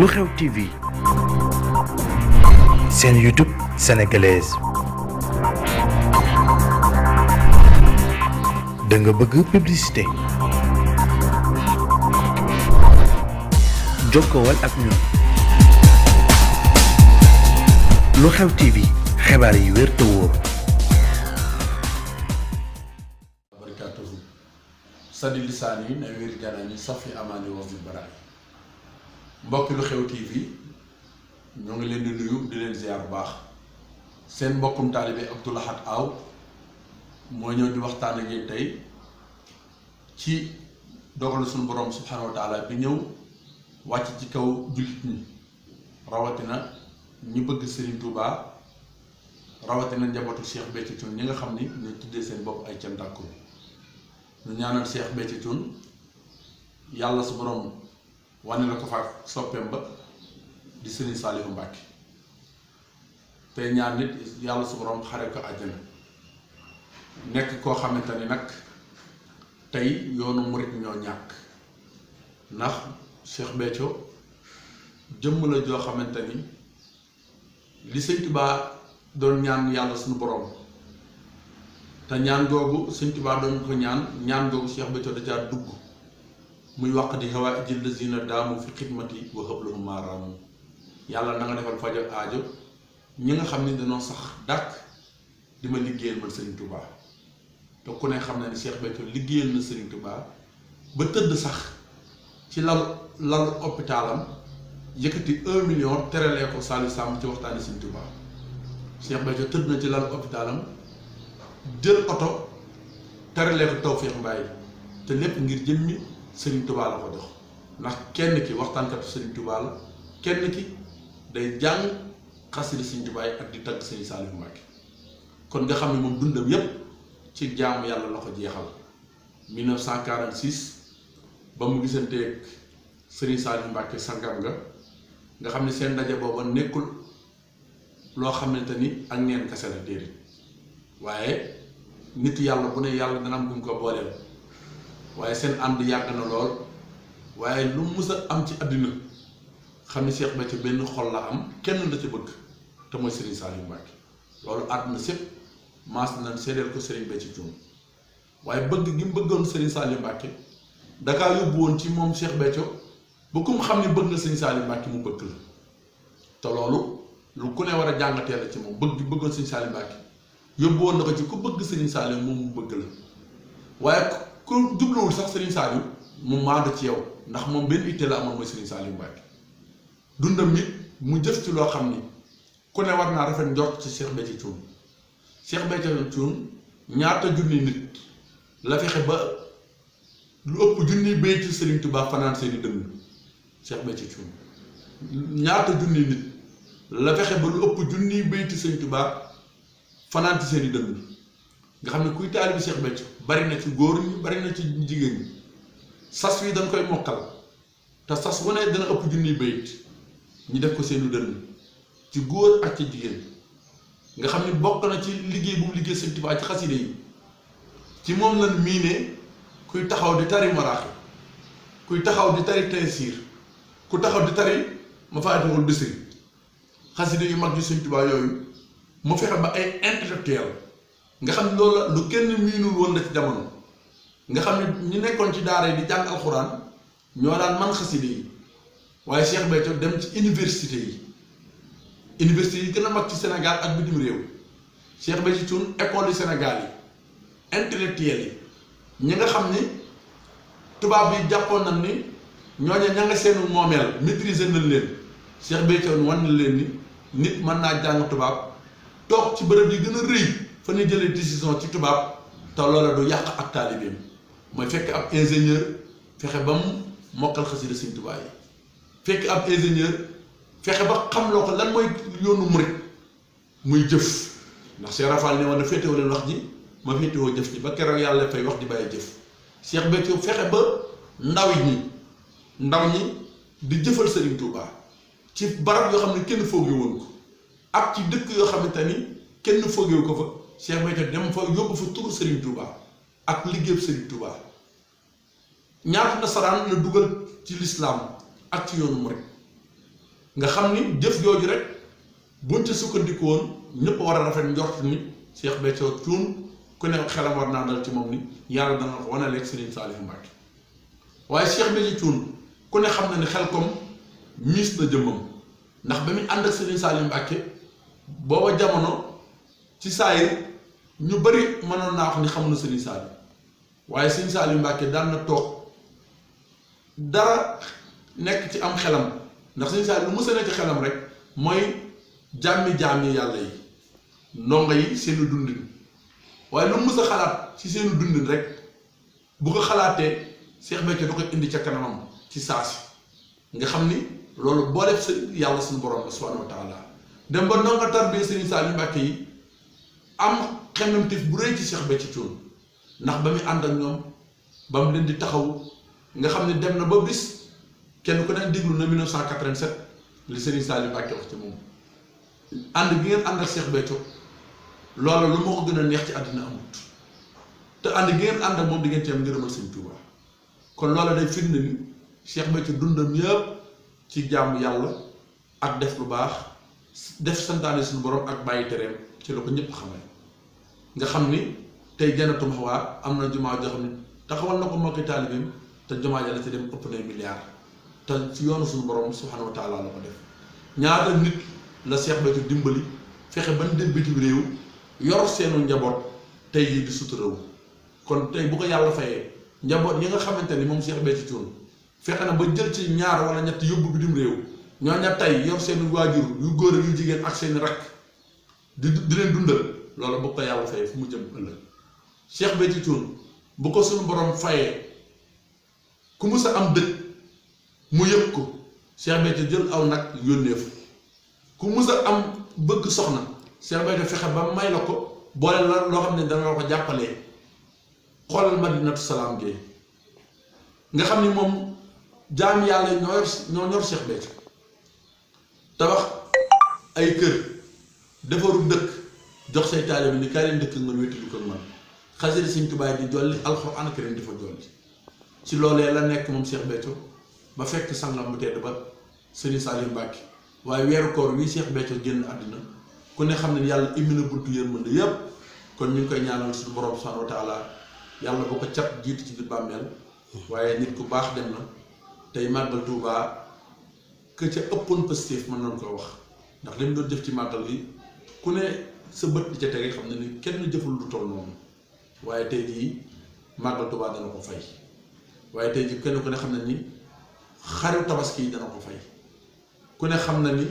lu xew TV seen YouTube sénégalaise da bëgg publicité jokkowal ak ñun lu xew TV xibaar yi wér wóor. mbokki lu xew TV ñoo ngi leen di nuyu di leen ziar bu baax seen mbokkum taalibe Abdou Lahad Aw moo ñëw di waxtaan a yéen tey ci dogalu suñu borom subhanahu wa taala bi ñëw wàcc ci kaw jullit ñi rawatina ñi bëgg Serigne Touba rawatina njabootu Cheikh Béthio Thioune ñi nga xam ni ñu tuddee seen bopp ay cantakku ñu ñaanal Cheikh Béthio Thioune yàlla su borom. wane la ko fa soppeem ba di Serigne Saliou Mbacke tey ñaar nit yàlla su boroom xare ko àjjana nekk koo xamante ni nag tey yoonu murit ñoo ñàkk ndax Cheikh Béthio jëmm la joo xamante ni li Sëñ baa doon ñaan yàlla suñu boroom te ñaan googu Sëñ Tuubaa doon ko ñaan ñaan googu Cheikh Béthio da caa dugg muy waq di xawaa ijil lazina daamu fi xidmati wa xëblahum maaraamu yàlla na nga defal fajo aajo ñi nga xam ne dañoo sax dàkk di ma liggéeyal man Serigne Touba te ku ne xam na ne Cheikh Béthio liggéeyal na Serigne Touba ba tëdd sax ci lalu lalu hôpitalam yëkkati un million teralee ko Saliou Samb ci waxtaani Serigne Touba Cheikh Béthio tëdd na ci lalu hôpitalam jël oto teralee ko Tawfekh Mbaye te lépp ngir jëm ñi Serigne tubaal la ko jox ndax kenn ki waxtaankatu Serigne Touba la kenn ki day jàng xasida Serigne Touba yi ak di tagg Serigne Saliou Mbacké kon nga xam ne moom dundam yépp ci jaamu yàlla la ko jeexal 1946 ba mu gisanteeg Serigne Saliou Mbacké sangam nga nga xam ne seen ndaje booba nekkul loo xamante ni ak neen kese la déedéet waaye nit yàlla bu ne yàlla dana buñ ko booleel. waaye seen ànd yàgg na lool waaye lu mus a am ci àddina xam ni Cheikh Béthio benn xol la am kenn la ci bëgg te mooy Serigne Saliou Mbacké loolu àdduna sépp maas nañ seedeel ko waaye bëgg gi mu bëggoon Serigne Saliou Mbacké dakaa yóbbu woon ci moom Cheikh Béthio ba ku mu xam ni bëgg na Serigne Saliou Mbacké mu bëgg la te loolu lu ku ne war a jàngatee la ci moom bëgg gi bëggoon Serigne Saliou Mbacké yóbbu woon na ko ci ku bëgg Serigne Saliou moom mu bëgg la waaye. ku jubluwul sax Serigne Saliou mu maandu ci yow ndax moom benn itte la amoon mooy Serigne Saliou Mbacké dundam it mu jëf ci loo xam ni ku ne war naa rafet njort ci Cheikh Béthio Thioune Cheikh Béthio Thioune ñaata junni nit la fexe ba lu ëpp junni béy ci Serigne Touba fanaan seeni dënn Cheikh Béthio Thioune ñaata junni nit la fexe ba lu ëpp junni béy ci Serigne fanaan seeni dënn nga xam ne kuy taalibu Cheikh Béthio bari na ci góor ñi bari na ci jigéen ñi sas wi dañ koy mokkal te sas wu ne dana ëpp junniy bayit ñu def ko seenu dënn ci góor ak ci jigéen nga xam ne bokk na ci liggéey bu mu liggéey Sëñ Tuubaa ci xaside yi ci moom lan miinee kuy taxaw di tari maraaxi kuy taxaw di tari Taysiir ku taxaw di tari Mafaatihul Bichri xaside yu mag yu Sëñ Tuubaa yooyu mu fexe ba ay intellectuel nga xam loolu la lu kenn miinul woon la ci jamono nga xam ne ñu nekkoon ci daara yi di jàng alxuraan ñoo daan man xaside yi waaye Cheikh Béthio dem ci université yi université yi gën a mag ci Sénégal ak bitim réew Cheikh Béthio ci école yu Sénégal yi intellectuels yi ñi nga xam ni tubaab yi jàppoon nañ ni ñoo ña nga seenu moomeel maîtriser nañ leen Cheikh Béthio Thioune wan na leen ni nit mën naa jàng tubaab toog ci bërëb yi gën a rëy. fa ñu jëlee décision ci tubaab te loola du yàq ak taalibeem mooy fekk ab ingénieur fexe ba mu mokkal xasida Sëñ Tuubaa fekk ab ingénieur fexe ba xamloo ko lan mooy yoonu murit muy jëf ndax Cheikh Rafal ne woon na féetewoo wax ji ma féetewoo jëf ji ba keroog yàlla fay wax di bàyyi jëf Cheikh Béthio fexe ba ndaw ñi ndaw ñi di jëfal Sëriñ Tuubaa ci barab yoo xam ne kenn foogewoon ko ak ci dëkk yoo xamante ni kenn foogewu ko fa. Cheikh Béthio dem fa yóbbu fa turu Serigne Touba ak liggéeyu Serigne Touba ñaata nasaraan la dugal ci lislaam ak ci yoonu murid nga xam ni jëf jooju rek buñ ci sukkandiku woon war a rafet njort nit ku ne ci moom ni yàlla dana ko wane ak waaye Cheikh Béthio ku ne xam na ne xel kom miis na jëmmam ndax ba muy ànd ak Serigne Saliou Mbacké booba jamono ci saa ñu bari mënoon naax wax ni xamuñu Serigne Saliou waaye Serigne Saliou Mbacke daan na toog dara nekk ci am xelam ndax Serigne Saliou lu mu sënee ci xelam rek mooy jàmmi jàmmi yàlla yi ndongo yi seenu dundin waaye lu mu a xalaat ci seenu dundin rek bu ko xalaatee Cheikh Mbacke da koy indi ca kanamam ci saasi nga xam ni loolu boo def sa yàlla suñu borom la subhanahu wa taala dem ba ndongo tarbiya Serigne Saliou Mbacke yi. am xemmemteef bu rëy ci Cheikh Béthio Thioune ndax ba muy ànd ak ñoom ba mu leen di taxawu nga xam ne dem na ba bis kenn ku ne déglu na 1987 li Serigne Saliou Mbacké wax ci moom ànd ngeen ànd ak Cheikh loolu lu moo ko gën a neex ci àddina amut te ànd gi ngeen ànd ak moom di ngeen ci am ngërëmal Sëñ Tuubaa kon loola day firnde ni Cheikh Béthio dundam yëpp ci jàmm yàlla ak def lu baax def santaane suñu borom ak bàyyi tereem ci la ko ñëpp xamal nga xam ni tey Jannatul Mahwa am na jumaa joo xam ne taxawal na ko mbokki taalibeem te jumaa ja la ci dem ëpp nay milliards te ci yoonu suñu borom subhanahu wa taala la ko def ñaata nit la Seex Béthio dimbali fexe ba ñu dem bitim réew yor seenu njaboot tey jii di suturawu kon tey bu ko yàlla fayee njaboot yi nga xamante ni moom Seex Béthio Thioune fexe na ba jël ci ñaar wala ñett yóbbu bitim réew ñoo ña tey yor seeni waajur yu góor a gi jigéen ak seeni rakk di di leen dundal. loolu bu ko yàlla fay fu mu jëm ëllëg Cheikh Béthio Thioune bu ko suñu borom fayee ku mu am dëkk mu yëg ko Cheikh Béthio jël aw nag yónneef ku musa sa am bëgg soxna Cheikh Béthio fexe ba may la ko boole la loo xam ne dana la ko jàppalee xoolal Madinatu Salaam gi nga xam ni moom jaam yàlla ñoo yor ñoo ñor Cheikh Béthio tabax ay kër defaru dëkk jox say taalibe ni kaa leen dëkk ak man wéttalu ko ak man xasida Sëñ Tuubaa di jolli alxuraan karim di fa jolli ci loolee la nekk moom Cheikh Béthio ba fekk sangam mu tedd ba Sëriñ Saliou Mbacke waaye weeru koor wii Cheikh Béthio génn àddina ku ne xam ne yàlla immi na buntu na yépp kon ñu ngi koy ñaanal suñu borom subhaanahu wa taala yàlla boo ko cat jiitu ci biir bàmmeel waaye nit ku baax dem na tey màggal Tuubaa que ca ëppoon positif mën nañ koo wax ndax li mu doon ci màggal gi sa bët di ca tege xam ne ni kenn jëful lu toll moom waaye tey jii màggal Tuubaa dana ko fay waaye tey jii kenn ku ne xam na ni xaru tabaski yi dana ko fay ku ne xam na ni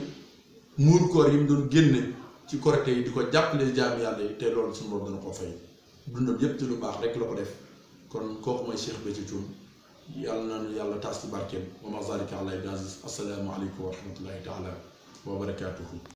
muur koor yi mu doon génne ci korite yi di ko jàppale jaamu yàlla yi te loolu suñu dana ko fay dundam yépp ci lu baax rek la ko def kon kooku mooy Cheikh Béthio Thioune yàlla nañu yàlla taas ci barkeem wa ma zalika ala assalaamu aleykum wa